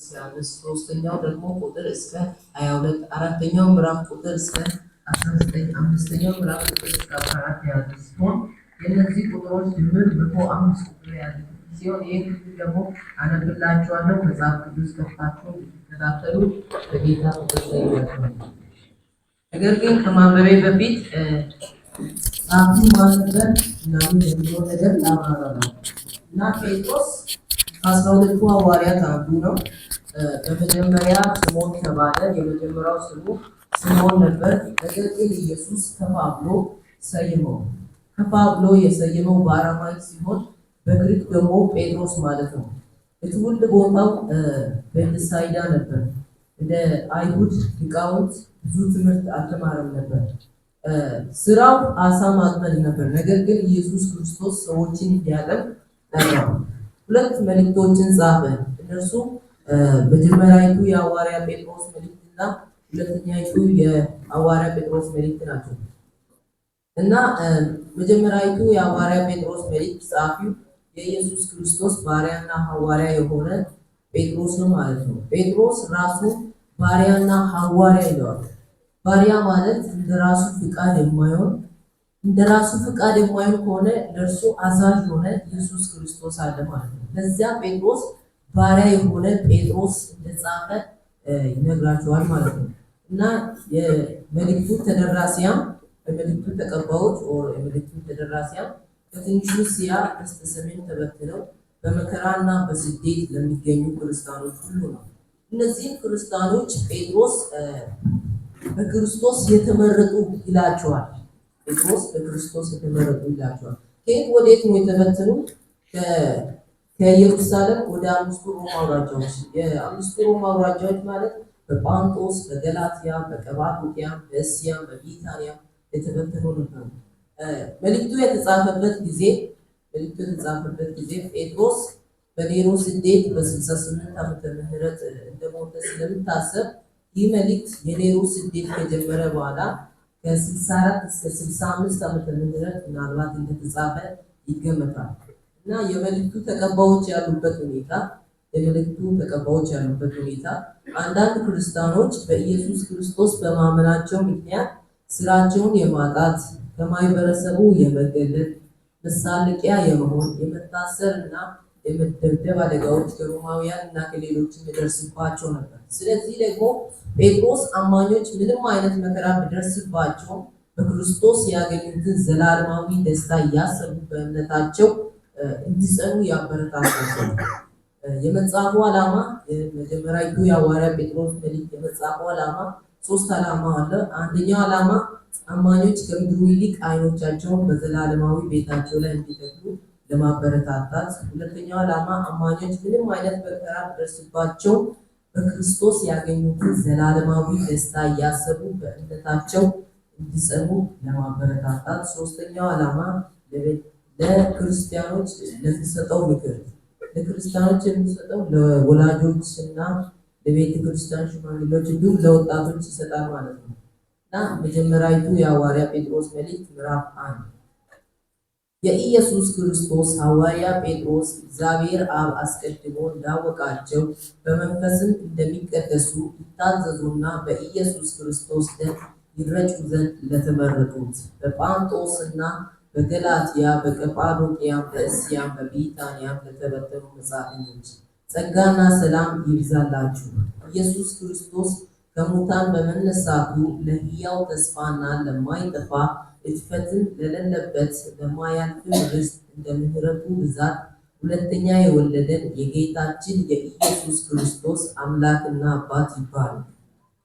እስከ አምስት ሶስተኛው ደግሞ ቁጥር እስከ ሀያ ሁለት አራተኛው ምዕራፍ ቁጥር እስከ አስራ ዘጠኝ አምስተኛው ምዕራፍ ቁጥር እስከ አስራ አራት ያለ ሲሆን የእነዚህ ቁጥሮች ድምር መቶ አምስት ቁጥር ያለ ሲሆን ይህ ክፍል ደግሞ አነብላችኋለሁ። መጽሐፍ ቅዱስ ከፍታችሁ እንድትከታተሉ በጌታ ነገር ግን ከማንበቤ በፊት ጸሐፊው ማን ምናምን የሚለው ነገር ላብራራ ነው እና ጴጥሮስ አስራ ሁለቱ ሐዋርያት አንዱ ነው። በመጀመሪያ ስምዖን ተባለ። የመጀመሪያው ስሙ ስምዖን ነበር። ነገር ግን ኢየሱስ ከፓብሎ ሰየመው። ከፓብሎ የሰየመው በአራማይክ ሲሆን በግሪክ ደግሞ ጴጥሮስ ማለት ነው። የትውልድ ቦታው በቤተሳይዳ ነበር። እንደ አይሁድ ሊቃውንት ብዙ ትምህርት አልተማረም ነበር። ስራው አሳ ማጥመድ ነበር። ነገር ግን ኢየሱስ ክርስቶስ ሰዎችን እንዲያጠምቅ ሁለት መልእክቶችን ጻፈ። እነርሱ መጀመሪያዊቱ የሐዋርያ ጴጥሮስ መልእክትና ሁለተኛይቱ የሐዋርያ ጴጥሮስ መልእክት ናቸው እና መጀመሪያዊቱ የሐዋርያ ጴጥሮስ መልእክት ጸሐፊው የኢየሱስ ክርስቶስ ባሪያና ሐዋርያ የሆነ ጴጥሮስ ነው ማለት ነው። ጴጥሮስ ራሱ ባሪያና ሐዋርያ ይለዋል። ባሪያ ማለት እንደራሱ ፍቃድ የማይሆን እንደ ራሱ ፍቃድ የማይሆን ከሆነ ለእርሱ አዛዥ የሆነ ኢየሱስ ክርስቶስ አለ ማለት ነው። ለዚያ ጴጥሮስ ባሪያ የሆነ ጴጥሮስ እንደጻፈ ይነግራቸዋል ማለት ነው። እና የመልእክቱ ተደራሲያም የመልእክቱ ተቀባዮች የመልእክቱ ተደራሲያም በትንሹ ሲያ በስተ ሰሜን ተበትነው በመከራና በስደት ለሚገኙ ክርስቲያኖች ሁሉ ነው። እነዚህም ክርስቲያኖች ጴጥሮስ በክርስቶስ የተመረጡ ይላቸዋል። ጴጥሮስ በክርስቶስ የተመረጡ ይላቸዋል። ከየት ወዴት ነው የተፈተኑ? ከኢየሩሳሌም ወደ አምስቱ ሮማ አውራጃዎች። የአምስቱ ሮማ አውራጃዎች ማለት በጳንጦስ፣ በገላትያ፣ በቀባዶቅያ፣ በእስያ፣ በቢታንያ የተፈተኑ ነበሩ። መልእክቱ የተጻፈበት ጊዜ መልእክቱ የተጻፈበት ጊዜ ጴጥሮስ በኔሮስ እንዴት በ68 ዓመተ ምህረት እንደሞተ ስለምታሰብ ይህ መልእክት የኔሮስ እንዴት ከጀመረ በኋላ ከ64 እስከ 65 ዓመተ ምህረት ምናልባት እንደተጻፈ ይገመታል እና የመልእክቱ ተቀባዮች ያሉበት ሁኔታ የመልእክቱ ተቀባዮች ያሉበት ሁኔታ አንዳንድ ክርስቲያኖች በኢየሱስ ክርስቶስ በማመናቸው ምክንያት ስራቸውን የማጣት ከማህበረሰቡ የመገለል መሳለቂያ የመሆን የመታሰር እና የመደብደብ አደጋዎች ከሮማውያን እና ከሌሎችም ይደርስባቸው ነበር። ስለዚህ ደግሞ ጴጥሮስ አማኞች ምንም አይነት መከራ ቢደርስባቸውም በክርስቶስ ያገኙትን ዘላለማዊ ደስታ እያሰቡ በእምነታቸው እንዲጸኑ ያበረታታቸው። የመጽሐፉ ዓላማ የመጀመሪያቱ የሐዋርያ ጴጥሮስ መልእክት የመጽሐፉ ዓላማ ሶስት ዓላማ አለ። አንደኛው ዓላማ አማኞች ከምድሩ ይልቅ አይኖቻቸውን በዘላለማዊ ቤታቸው ላይ እንዲተክሉ ለማበረታታት፣ ሁለተኛው ዓላማ አማኞች ምንም አይነት መከራ ደርስባቸው በክርስቶስ ያገኙትን ዘላለማዊ ደስታ እያሰቡ በእምነታቸው እንዲጸኑ ለማበረታታት፣ ሶስተኛው ዓላማ ለክርስቲያኖች ለሚሰጠው ምክር ለክርስቲያኖች የሚሰጠው ለወላጆች እና ለቤተ ክርስቲያን ሽማግሌዎች እንዲሁም ለወጣቶች ይሰጣል ማለት ነው እና መጀመሪያዊቱ የሐዋርያ ጴጥሮስ መልእክት ምዕራፍ አንድ የኢየሱስ ክርስቶስ ሐዋርያ ጴጥሮስ እግዚአብሔር አብ አስቀድሞ እንዳወቃቸው በመንፈስም እንደሚቀደሱ ይታዘዙና በኢየሱስ ክርስቶስ ደም ይረጩ ዘንድ ለተመረጡት በጳንጦስና በገላትያ በቀጳዶቅያም በእስያም በቢታንያም ለተበተኑ መጻተኞች ጸጋና ሰላም ይብዛላችሁ። ኢየሱስ ክርስቶስ ከሙታን በመነሳቱ ለሕያው ተስፋና ለማይጠፋ እጅፈትን ለሌለበት ለማያልፍም ርስት እንደ ምሕረቱ ብዛት ሁለተኛ የወለደን የጌታችን የኢየሱስ ክርስቶስ አምላክና አባት ይባላል።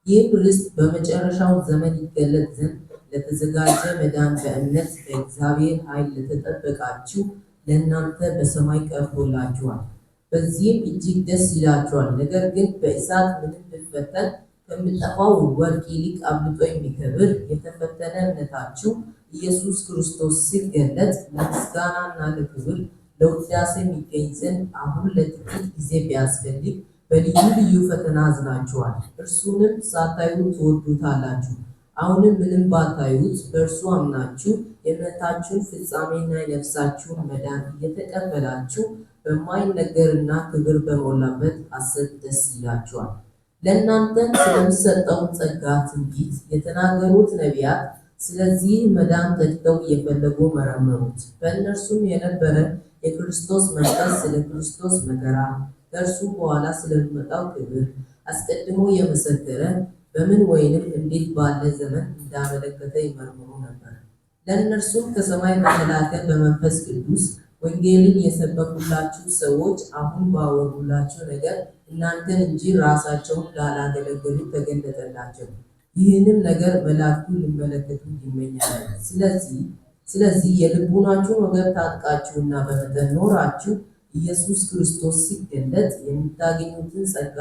ይህም ርስት በመጨረሻው ዘመን ይገለጥ ዘንድ ለተዘጋጀ መዳን በእምነት በእግዚአብሔር ኃይል ለተጠበቃችሁ ለእናንተ በሰማይ ቀርቦላችኋል። በዚህም እጅግ ደስ ይላችኋል። ነገር ግን በእሳት ምንም ብፈተን ከሚጠፋው ወርቅ ይልቅ አብልጦ የሚከብር የተፈተነ እምነታችሁ ኢየሱስ ክርስቶስ ሲገለጥ ለምስጋና እና ለክብር ለውዳሴ የሚገኝ ዘንድ አሁን ለጥቂት ጊዜ ቢያስፈልግ በልዩ ልዩ ፈተና አዝናችኋል። እርሱንም ሳታዩ ትወዱታላችሁ። አሁንም ምንም ባታዩት በእርሱ አምናችሁ የእምነታችሁን ፍጻሜና የነፍሳችሁን መዳን እየተቀበላችሁ በማይነገርና ክብር በሞላበት አሰብ ደስ ይላችኋል። ለናንተ ስለሚሰጠው ጸጋ ትንቢት የተናገሩት ነቢያት ስለዚህ መዳን ተግተው እየፈለጉ መረመሩት። በእነርሱም የነበረ የክርስቶስ መንፈስ ስለ ክርስቶስ መከራ ከእርሱ በኋላ ስለሚመጣው ክብር አስቀድሞ የመሰከረ በምን ወይንም እንዴት ባለ ዘመን እንዳመለከተ ይመርምሩ ነበር። ለእነርሱም ከሰማይ መከላከል በመንፈስ ቅዱስ ወንጌልን የሰበኩላችሁ ሰዎች አሁን ባወሩላችሁ ነገር እናንተን እንጂ ራሳቸውን ላላገለገሉ ተገለጠላቸው። ይህንም ነገር መላእክቱ ሊመለከቱ ይመኛል። ስለዚህ ስለዚህ የልቡናችሁን ወገብ ታጥቃችሁና በመጠን ኖራችሁ ኢየሱስ ክርስቶስ ሲገለጥ የምታገኙትን ጸጋ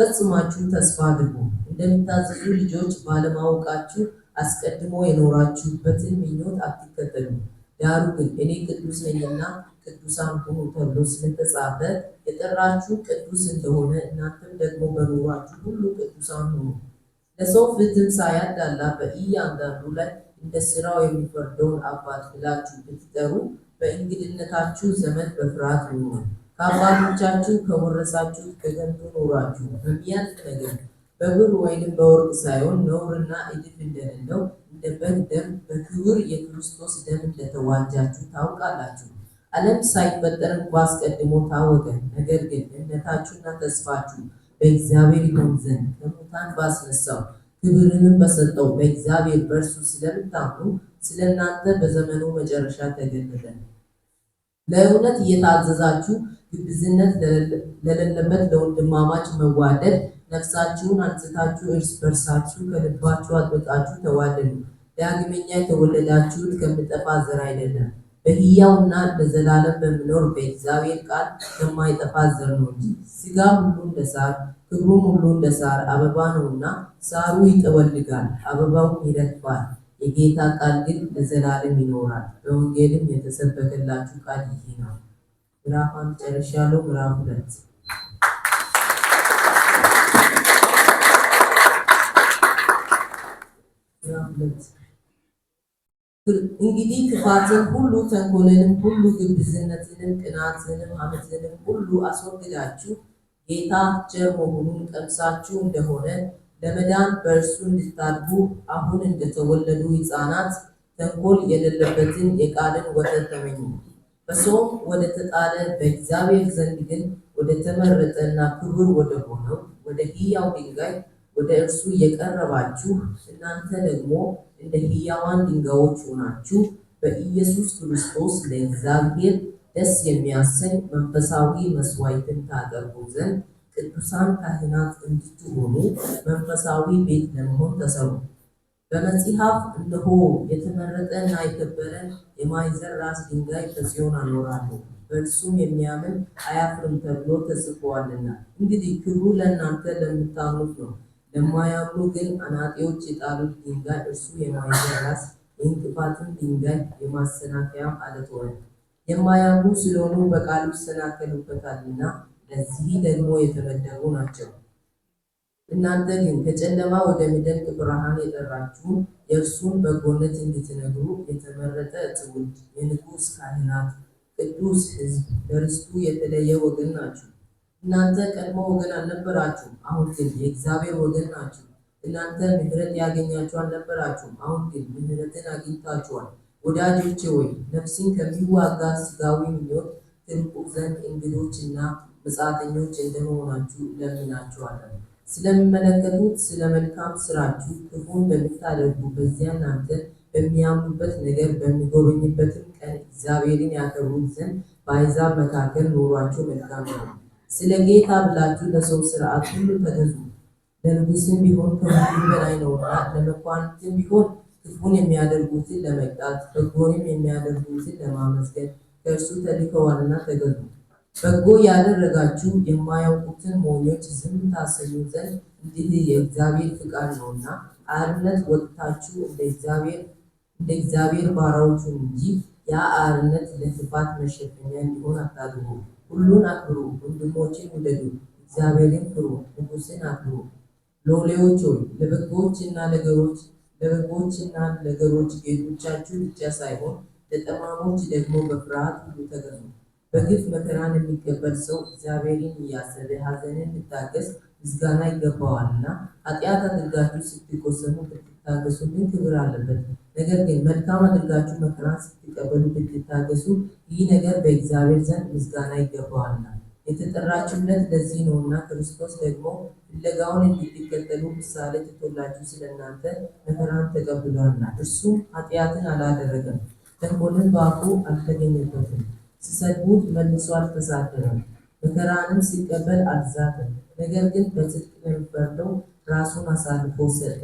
ፈጽማችሁ ተስፋ አድርጉ። እንደምታዘዙ ልጆች ባለማወቃችሁ አስቀድሞ የኖራችሁበትን ምኞት አትከተሉ። ዳሩ ግን እኔ ቅዱስ ነኝና ቅዱሳን ሁኑ ተብሎ ስለተጻፈ የጠራችሁ ቅዱስ እንደሆነ እናንተም ደግሞ በኑሯችሁ ሁሉ ቅዱሳን ሁኑ። ለሰው ፍትም ሳያዳላ በእያንዳንዱ ላይ እንደ ስራው የሚፈርደውን አባት ብላችሁ ብትጠሩ በእንግድነታችሁ ዘመን በፍርሃት ኑሩ። ከአባቶቻችሁ ከወረሳችሁ ከገንቱ ኑሯችሁ በሚያልፍ ነገር በብር ወይንም በወርቅ ሳይሆን ነውርና እድፍ እንደሌለው እንደ በግ ደም በክቡር የክርስቶስ ደም እንደተዋጃችሁ ታውቃላችሁ። ዓለም ሳይፈጠር እንኳ አስቀድሞ ታወቀ። ነገር ግን እምነታችሁና ተስፋችሁ በእግዚአብሔር ይሆን ዘንድ ከሙታን ባስነሳው ክብርንም በሰጠው በእግዚአብሔር በእርሱ ስለምታምኑ ስለ እናንተ በዘመኑ መጨረሻ ተገለጠ። ለእውነት እየታዘዛችሁ ግብዝነት ለሌለበት ለወንድማማች መዋደድ ነፍሳችሁን አንጽታችሁ እርስ በርሳችሁ ከልባችሁ አጥብቃችሁ ተዋደዱ። ዳግመኛ የተወለዳችሁት ከምጠፋ ዘር አይደለም፣ በሕያውና በዘላለም በሚኖር በእግዚአብሔር ቃል ከማይጠፋ ዘር ነው እንጂ። ስጋ ሁሉ እንደ ሳር፣ ክብሩም ሁሉ እንደ ሳር አበባ ነውና፣ ሳሩ ይጠወልጋል፣ አበባውም ይረግፋል፣ የጌታ ቃል ግን ለዘላለም ይኖራል። በወንጌልም የተሰበከላችሁ ቃል ይሄ ነው። ምዕራፍ አንድ ጨርሻለሁ። ምዕራፍ ሁለት አለበት። እንግዲህ ክፋትን ሁሉ ተንኮልንም ሁሉ ግብዝነትንም ቅናትንም አመትንም ሁሉ አስወግዳችሁ ጌታ ቸር መሆኑን ቀምሳችሁ እንደሆነ ለመዳን በእርሱ እንድታድጉ አሁን እንደተወለዱ ሕፃናት ተንኮል የሌለበትን የቃልን ወተት ተመኙ። በሰውም ወደ ተጣለ በእግዚአብሔር ዘንድ ግን ወደ ተመረጠና ክቡር ወደ ሆነው ወደ ሕያው ድንጋይ ወደ እርሱ የቀረባችሁ እናንተ ደግሞ እንደ ሕያዋን ድንጋዮች ሆናችሁ በኢየሱስ ክርስቶስ ለእግዚአብሔር ደስ የሚያሰኝ መንፈሳዊ መስዋዕትን ታቀርቡ ዘንድ ቅዱሳን ካህናት እንድትሆኑ መንፈሳዊ ቤት ለመሆን ተሰሩ። በመጽሐፍ እነሆ እና የከበረ የማይዘር ራስ ድንጋይ ከጽዮን አኖራለሁ፣ በእርሱም የሚያምን አያፍርም ተብሎ ተጽፏልና። እንግዲህ ክብሩ ለእናንተ ለምታምኑት ነው። ለማያምኑ ግን አናጢዎች የጣሉት ድንጋይ እርሱ የማዕዘን ራስ የእንቅፋትም ድንጋይ የማሰናከያም አለት ሆነ። የማያምኑ ስለሆኑ በቃሉ ይሰናከሉበታልና ለዚህ ደግሞ የተመደቡ ናቸው። እናንተ ግን ከጨለማ ወደ ሚደንቅ ብርሃን የጠራችሁ የእርሱን በጎነት እንድትነግሩ የተመረጠ ትውልድ፣ የንጉሥ ካህናት፣ ቅዱስ ሕዝብ፣ ለርስቱ የተለየ ወገን ናችሁ። እናንተ ቀድሞ ወገን አልነበራችሁም፣ አሁን ግን የእግዚአብሔር ወገን ናችሁ። እናንተ ምሕረት ያገኛችሁ አልነበራችሁም፣ አሁን ግን ምሕረትን አግኝታችኋል። ወዳጆቼ ወይ ነፍስን ከሚዋጋ ስጋዊ ምኞት ትርቁ ዘንድ እንግዶችና መጻተኞች እንደመሆናችሁ ለምናችኋለን። ስለሚመለከቱት ስለ መልካም ስራችሁ ክፉን በምታደርጉ በዚያ እናንተ በሚያምኑበት ነገር በሚጎበኝበትም ቀን እግዚአብሔርን ያከብሩት ዘንድ በአሕዛብ መካከል ኑሯቸው መልካም ነው። ስለ ጌታ ብላችሁ ለሰው ስርዓት ሁሉ ተገዙ። ለንጉስም ቢሆን ከሁሉ በላይ ነውና፣ ለመኳንንትም ቢሆን ክፉን የሚያደርጉትን ለመቅጣት በጎንም የሚያደርጉትን ለማመስገን ከእርሱ ተልከዋልና ተገዙ። በጎ ያደረጋችሁ የማያውቁትን ሞኞች ዝም ታሰኙ ዘንድ እንዲህ የእግዚአብሔር ፍቃድ ነውና፣ አርነት ወጥታችሁ እንደ እግዚአብሔር ባሪያዎቹን እንጂ ያ አርነት ለክፋት መሸፈኛ እንዲሆን አታድርጉ። ሁሉን አክብሩ፣ ወንድሞችን ውደዱ፣ እግዚአብሔርን ፍሩ፣ ንጉሥን አክብሩ። ሎሌዎች ሆይ ለበጎችና ለገሮች ለበጎችና ለገሮች ጌቶቻችሁ ብቻ ሳይሆን ለጠማሞች ደግሞ በፍርሃት ሁሉ ተገዙ። በግፍ መከራን የሚቀበል ሰው እግዚአብሔርን እያሰበ ሐዘንን እንድታገስ ምስጋና ይገባዋልና ኃጢአት አድርጋችሁ ስትቆሰሙ ብትታገሱልን ክብር አለበት። ነገር ግን መልካም አድርጋችሁ መከራ ስትቀበሉ ብትታገሱ ይህ ነገር በእግዚአብሔር ዘንድ ምስጋና ይገባዋልና። የተጠራችሁለት ለዚህ ነውና ክርስቶስ ደግሞ ፍለጋውን እንድትከተሉ ምሳሌ ትቶላችሁ ስለ እናንተ መከራን ተቀብሏልና። እርሱ ኃጢአትን አላደረገም፣ ተንኮልን በአፉ አልተገኘበትም። ሲሰድቡት መልሶ አልተሳደበም፣ መከራንም ሲቀበል አልዛትም። ነገር ግን በጽድቅ ለሚፈርደው ራሱን አሳልፎ ሰጠ።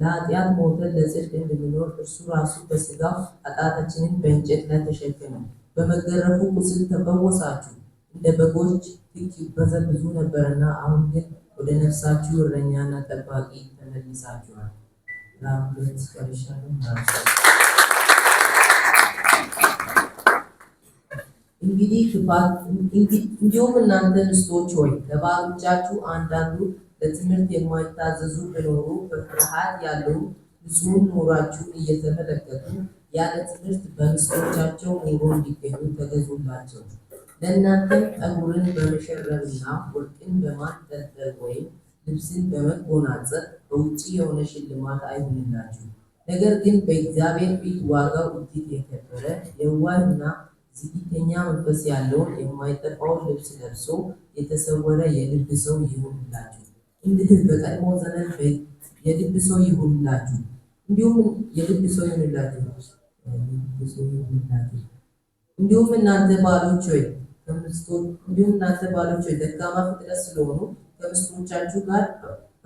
ለኃጢአት ሞተን ለጽድቅ እንድንኖር እርሱ ራሱ በስጋው ኃጢአታችንን በእንጨት ላይ ተሸከመ። በመገረፉ ቁስል ተፈወሳችሁ። እንደ በጎች ፊት ይበዘብዙ ነበርና፣ አሁን ግን ወደ ነፍሳችሁ እረኛና ጠባቂ ተመልሳችኋል። እንግዲህ እንዲሁም እናንተ ንስቶች ሆይ ከባሎቻችሁ አንዳንዱ ለትምህርት የማይታዘዙ ቢኖሩ በፍርሃት ያሉ ንጹሕ ኑሯችሁን እየተመለከቱ ያለ ትምህርት በምስሎቻቸው ኑሮ እንዲገኙ ተገዙላቸው። ለእናንተም ጠጉርን በመሸረብና ወርቅን በማንጠልጠል ወይም ልብስን በመጎናጸፍ በውጭ የሆነ ሽልማት አይሁንላችሁ። ነገር ግን በእግዚአብሔር ፊት ዋጋው እጅግ የከበረ የዋህና ዝግተኛ መንፈስ ያለውን የማይጠፋውን ልብስ ለብሶ የተሰወረ የልብ ሰው ይሁንላችሁ። እንድትል በቀድሞ ዘመን የልብ ሰው ይሁንላችሁ፣ እንዲሁም የልብ ሰው ይሁንላችሁ። እንዲሁም እናንተ ባሎች ሆይ እንዲሁም እናንተ ባሎች ሆይ ደካማ ፍጥረት ስለሆኑ ከምስቶቻችሁ ጋር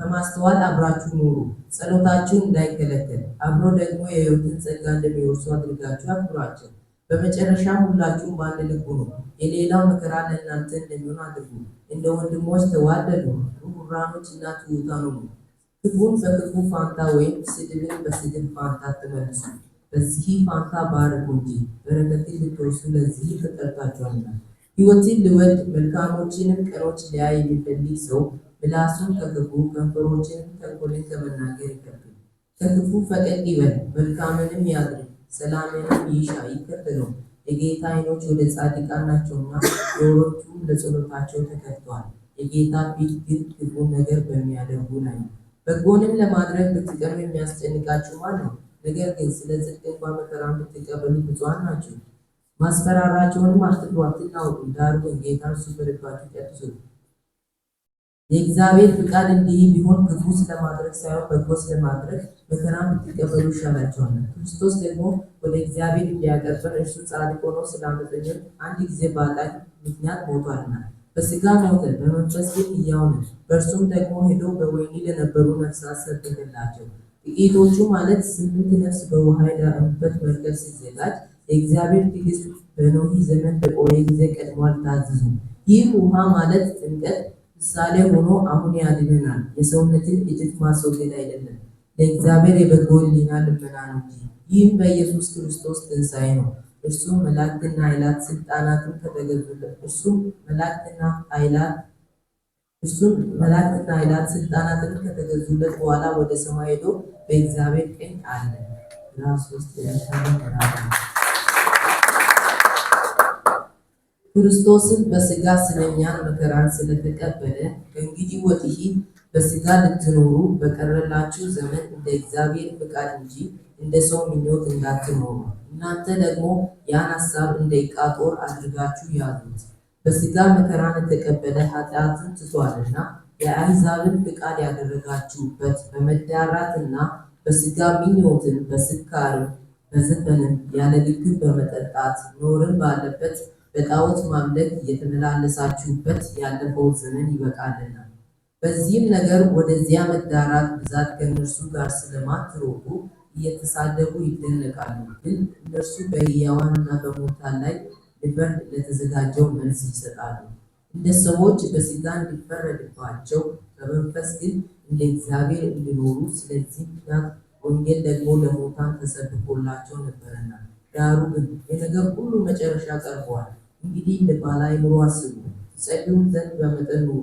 በማስተዋል አብራችሁ ኑሩ፣ ጸሎታችሁን እንዳይከለከል። አብሮ ደግሞ የሕይወትን ጸጋ እንደሚወርሱ አድርጋችሁ አክብሯቸው። በመጨረሻ ሁላችሁም በአንድ ልቡ ነው የሌላው መከራ ለእናንተ እንደሚሆን አድርጉ። እንደ ወንድሞች ተዋደዱ፣ ሩራኖች እና ትሑታን ነው። ክፉን በክፉ ፋንታ ወይም ስድብን በስድብ ፋንታ ትመልሱ። በዚህ ፋንታ ባርኩ እንጂ በረከት ልትወርሱ ለዚህ ተጠርታችኋልና። ሕይወትን ልወድ መልካሞችንም ቀኖች ሊያይ የሚፈልግ ሰው ምላሱን ከክፉ ከንፈሮችንም ተንኮልን ከመናገር ይከብል። ከክፉ ፈቀቅ ይበል፣ መልካምንም ያድርግ ሰላምንም ይሻ ይከተሉ ነው። የጌታ አይኖች ወደ ጻድቃን ናቸውና ጆሮቹም ለጸሎታቸው ተከፍተዋል። የጌታ ፊት ግን ክፉን ነገር በሚያደርጉ ላይ ነው። በጎንም ለማድረግ ብትቀርብ የሚያስጨንቃችሁ ማን ነው? ነገር ግን ስለ ጽድቅ እንኳ መከራን ብትቀበሉ ብፁዓን ናቸው። ማስፈራራቸውንም አትፍሩ፣ አትናወጡ። ዳሩ ግን ጌታን እርሱን በልባችሁ ቀድሱት የእግዚአብሔር ፍቃድ እንዲህ ቢሆን ክፉ ስለማድረግ ሳይሆን በጎ ስለማድረግ መከራም ብትቀበሉ ይሻላቸዋል። ክርስቶስ ደግሞ ወደ እግዚአብሔር እንዲያቀርበን እርሱ ጻድቅ ሆኖ ስላመፀኝም አንድ ጊዜ በኃጢአት ምክንያት ሞቷልና፣ በስጋ ሞተን በመንፈስ ግን ሕያው ነን። በእርሱም ደግሞ ሄዶ በወይኒ ለነበሩ ነፍሳት ሰበከላቸው። ጥቂቶቹ ማለት ስምንት ነፍስ በውሃ የዳኑበት መርከብ ሲዘጋጅ የእግዚአብሔር ትዕግስት በኖህ ዘመን በቆየ ጊዜ ቀድሟል። ታዝዙ። ይህ ውሃ ማለት ጥምቀት ምሳሌ ሆኖ አሁን ያድነናል። የሰውነትን እጅት ማስወገድ አይደለም፣ ለእግዚአብሔር የበጎ ሕሊና ልመና ነው እንጂ። ይህም በኢየሱስ ክርስቶስ ትንሣኤ ነው። እርሱም መላእክትና ኃይላት ስልጣናትን ከተገዙለት እርሱም መላእክትና ኃይላት እርሱም መላእክትና ኃይላት ስልጣናትን ከተገዙለት በኋላ ወደ ሰማይ ሄዶ በእግዚአብሔር ቀኝ አለ። ራስ ውስጥ ክርስቶስን በስጋ ስለኛን መከራን ስለተቀበለ ከእንግዲህ ወዲህ በስጋ ልትኖሩ በቀረላችሁ ዘመን እንደ እግዚአብሔር ፍቃድ እንጂ እንደ ሰው ምኞት እንዳትኖሩ። እናንተ ደግሞ ያን ሀሳብ እንደ ዕቃ ጦር አድርጋችሁ ያዙት። በስጋ መከራን የተቀበለ ኃጢአትን ትቷልና የአሕዛብን ፍቃድ ያደረጋችሁበት በመዳራትና በስጋ ምኞትን በስካርም በዘፈንም ያለ ልክ በመጠጣት ኖርን ባለበት በጣዖት ማምለክ የተመላለሳችሁበት ያለፈው ዘመን ይበቃልና፣ በዚህም ነገር ወደዚያ መዳራት ብዛት ከእነርሱ ጋር ስለማትሮጡ እየተሳደቡ ይደነቃሉ። ግን እነርሱ በሕያዋንና በሙታን ላይ ሊፈርድ ለተዘጋጀው መልስ ይሰጣሉ። እንደ ሰዎች በሥጋ እንዲፈረድባቸው በመንፈስ ግን እንደ እግዚአብሔር እንዲኖሩ። ስለዚህ ምክንያት ወንጌል ደግሞ ለሙታን ተሰብኮላቸው ነበርና። ዳሩ ግን የነገር ሁሉ መጨረሻ ቀርቧል። እንግዲህ እንደ ባለ አይምሮ አስቡ፣ ትጸልዩም ዘንድ በመጠን ኑሩ።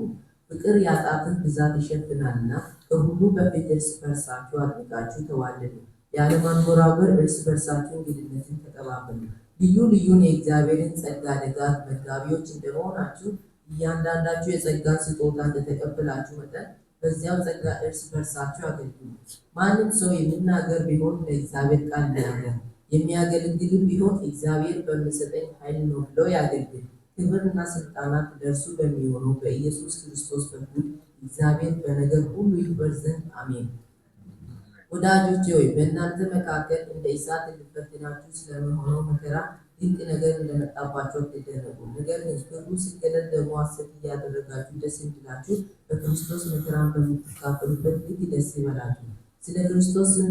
ፍቅር የኃጢአትን ብዛት ይሸፍናልና፣ ከሁሉ በፊት እርስ በርሳችሁ አድርጋችሁ ተዋደዱ፣ ያለማንጎራጎር እርስ በርሳችሁ እንግድነትን ተቀባበሉ። ልዩ ልዩን የእግዚአብሔርን ጸጋ ደጋት መጋቢዎች እንደመሆናችሁ እያንዳንዳችሁ የጸጋን ስጦታ እንደተቀበላችሁ መጠን በዚያው ጸጋ እርስ በርሳችሁ አገልግሉ። ማንም ሰው የሚናገር ቢሆን ለእግዚአብሔር ቃል ይናገር የሚያገለግልም ቢሆን እግዚአብሔር በሚሰጠኝ ኃይል ነው ብሎ ያገልግል። ክብርና ስልጣናት ለእርሱ በሚሆነው በኢየሱስ ክርስቶስ በኩል እግዚአብሔር በነገር ሁሉ ይክበር ዘንድ አሜን። ወዳጆች ሆይ በእናንተ መካከል እንደ እሳት ልፈትናችሁ ስለመሆነው መከራ ድንቅ ነገር እንደመጣባቸው አትደነቁ። ነገር ግን ክብሩ ሲገለጥ ደግሞ አሰት እያደረጋችሁ ደስ እንዲላችሁ በክርስቶስ መከራን በምትካፈሉበት ልክ ደስ ይበላችሁ። ስለ ክርስቶስ ስም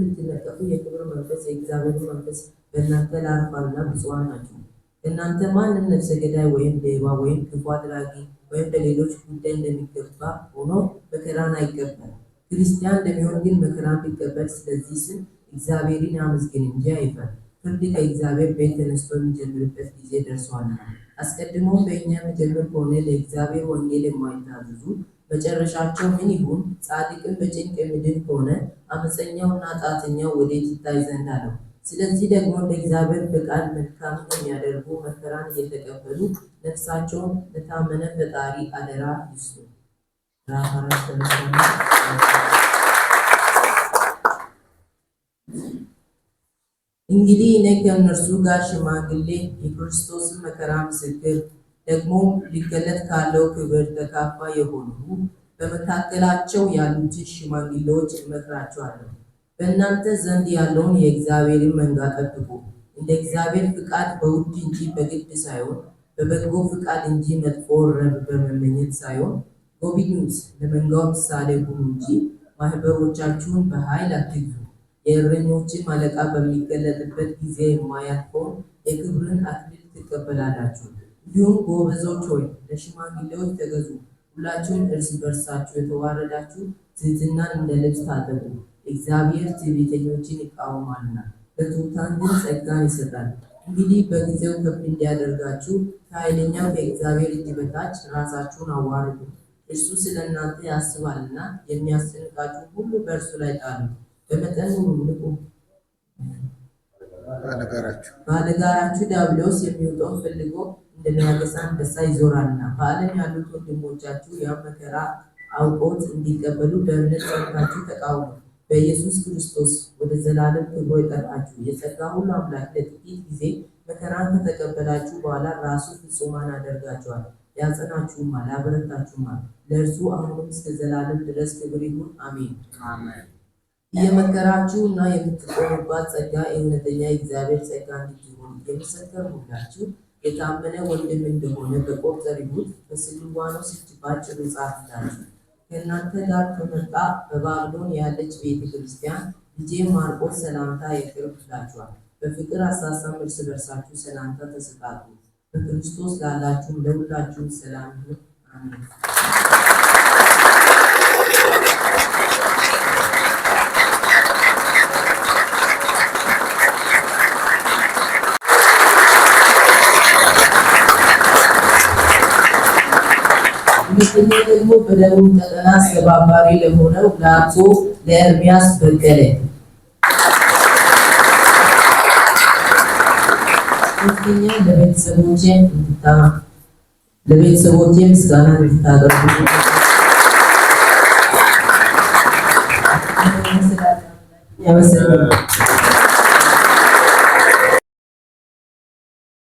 የክብር መንፈስ የእግዚአብሔር መንፈስ በእናንተ ላርፋና ብፁዓን ናቸው። እናንተ ማንም ነፍሰ ገዳይ ወይም ሌባ ወይም ክፉ አድራጊ ወይም በሌሎች ጉዳይ እንደሚገባ ሆኖ መከራን አይቀበል። ክርስቲያን እንደሚሆን ግን መከራን ቢቀበል ስለዚህ ስም እግዚአብሔርን ያመስግን እንጂ አይፈል። ፍርድ ከእግዚአብሔር ቤት ተነስቶ የሚጀምርበት ጊዜ ደርሷል። አስቀድሞ በእኛ የሚጀምር ከሆነ ለእግዚአብሔር ወንጌል የማይታዘዙ መጨረሻቸው ምን ይሁን? ጻድቅን በጭንቅ የሚድን ከሆነ አመፀኛውና ጣተኛው ወዴት ይታይ ዘንድ አለው። ስለዚህ ደግሞ እንደ እግዚአብሔር ፍቃድ መልካም የሚያደርጉ መከራን እየተቀበሉ ነፍሳቸውን ለታመነ ፈጣሪ አደራ ይስጡ። እንግዲህ እኔ ከእነርሱ ጋር ሽማግሌ የክርስቶስን መከራ ምስክር ደግሞ ሊገለጥ ካለው ክብር ተካፋ የሆኑ በመካከላቸው ያሉትን ሽማግሌዎች እመክራቸዋለሁ። በእናንተ ዘንድ ያለውን የእግዚአብሔርን መንጋ ጠብቁ፣ እንደ እግዚአብሔር ፍቃድ በውድ እንጂ በግድ ሳይሆን በበጎ ፍቃድ እንጂ መጥፎ ረብ በመመኘት ሳይሆን ጎብኙት፣ ለመንጋው ምሳሌ ሁኑ እንጂ ማህበሮቻችሁን በኃይል አትግዙ። የእረኞችን አለቃ በሚገለጥበት ጊዜ የማያልፈውን የክብርን አክሊል ትቀበላላችሁ። እንዲሁም ጎበዞች ሆይ ለሽማግሌዎች ተገዙ። ሁላችሁም እርስ በርሳችሁ የተዋረዳችሁ ትህትናን እንደ ልብስ ታጠቁ። እግዚአብሔር ትዕቢተኞችን ይቃወማልና ለትሑታን ግን ጸጋን ይሰጣል። እንግዲህ በጊዜው ከፍ እንዲያደርጋችሁ ከኃይለኛው ከእግዚአብሔር እጅ በታች ራሳችሁን አዋርዱ። እርሱ ስለ እናንተ ያስባልና የሚያስጨንቃችሁ ሁሉ በእርሱ ላይ ጣሉ። በመጠኑ ልቁ ባለጋራችሁ ዲያብሎስ የሚወጣውን ፈልጎ እንደሚያገሳ አንበሳ ይዞራልና በዓለም ያሉት ወንድሞቻችሁ ያ መከራ አውቆት እንዲቀበሉ በእምነት ጸንታችሁ ተቃውሙ። በኢየሱስ ክርስቶስ ወደ ዘላለም ክብሮ ይጠራችሁ። የጸጋ ሁሉ አምላክ ለጥቂት ጊዜ መከራን ከተቀበላችሁ በኋላ ራሱ ፍጹማን አደርጋችኋል፣ ያጸናችሁማል፣ ያበረታችሁማል። ለእርሱ አሁንም እስከ ዘላለም ድረስ ክብር ይሁን፣ አሜን። የመከራችሁ እና የምትቆሙባት ጸጋ የእውነተኛ የእግዚአብሔር ጸጋ እንድትሆን የምሰከር የታመነ ወንድም እንደሆነ በቆጠሪሁት በስልዋኖስ እጅ ባጭሩ ጻፍላችሁ። ከእናንተ ጋር ከመጣ በባቢሎን ያለች ቤተ ክርስቲያን ልጄ ማርቆስ ሰላምታ ያቀርብ ላችኋል። በፍቅር አሳሳም እርስ በርሳችሁ ሰላምታ ተሰጣጡ። በክርስቶስ ላላችሁ ለሁላችሁም ሰላም ይሁን። አሜን። ሁለተኛ ደግሞ በደቡብ ቀጠና አስተባባሪ ለሆነው ለአቶ ለኤርሚያስ በቀለ ሶስተኛ ለቤተሰቦቼ ለቤተሰቦቼ ምስጋና እንድታቀርቡ ያመሰግናል።